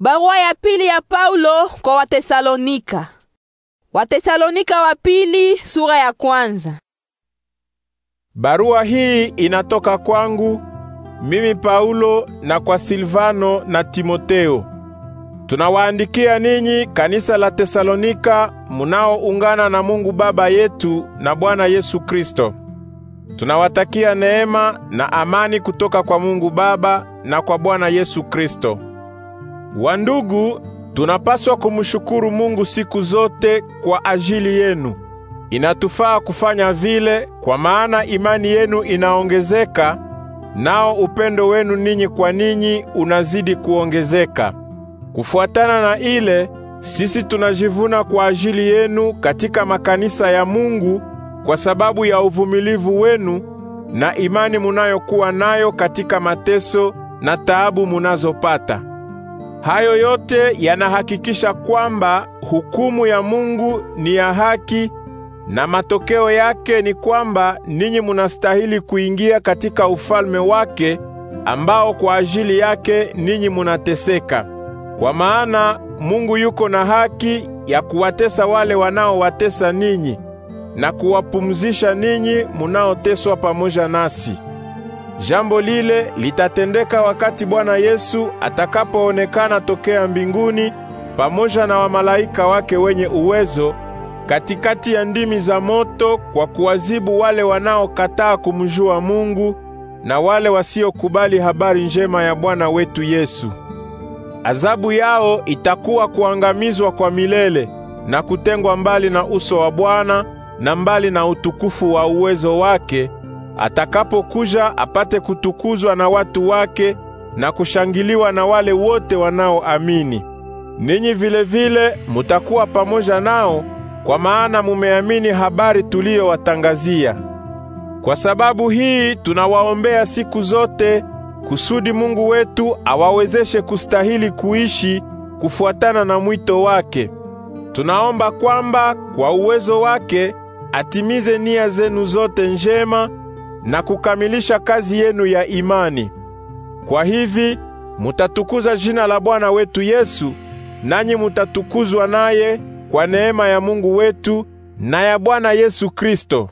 Barua ya pili ya Paulo kwa Watesalonika. Watesalonika wa pili sura ya kwanza. Barua hii inatoka kwangu mimi Paulo na kwa Silvano na Timoteo. Tunawaandikia ninyi kanisa la Tesalonika munaoungana na Mungu Baba yetu na Bwana Yesu Kristo. Tunawatakia neema na amani kutoka kwa Mungu Baba na kwa Bwana Yesu Kristo. Wandugu, tunapaswa kumshukuru Mungu siku zote kwa ajili yenu. Inatufaa kufanya vile kwa maana imani yenu inaongezeka, nao upendo wenu ninyi kwa ninyi unazidi kuongezeka. Kufuatana na ile, sisi tunajivuna kwa ajili yenu katika makanisa ya Mungu kwa sababu ya uvumilivu wenu na imani munayokuwa nayo katika mateso na taabu munazopata. Hayo yote yanahakikisha kwamba hukumu ya Mungu ni ya haki na matokeo yake ni kwamba ninyi munastahili kuingia katika ufalme wake ambao kwa ajili yake ninyi munateseka. Kwa maana Mungu yuko na haki ya kuwatesa wale wanaowatesa ninyi na kuwapumzisha ninyi munaoteswa pamoja nasi. Jambo lile litatendeka wakati Bwana Yesu atakapoonekana tokea mbinguni pamoja na wamalaika wake wenye uwezo katikati ya ndimi za moto kwa kuwazibu wale wanaokataa kumjua Mungu na wale wasiokubali habari njema ya Bwana wetu Yesu. Adhabu yao itakuwa kuangamizwa kwa milele na kutengwa mbali na uso wa Bwana na mbali na utukufu wa uwezo wake atakapokuja apate kutukuzwa na watu wake na kushangiliwa na wale wote wanaoamini. Ninyi vile vile mutakuwa pamoja nao, kwa maana mumeamini habari tuliyowatangazia. Kwa sababu hii tunawaombea siku zote kusudi Mungu wetu awawezeshe kustahili kuishi kufuatana na mwito wake. Tunaomba kwamba kwa uwezo wake atimize nia zenu zote njema na kukamilisha kazi yenu ya imani. Kwa hivi mutatukuza jina la Bwana wetu Yesu, nanyi mutatukuzwa naye kwa neema ya Mungu wetu na ya Bwana Yesu Kristo.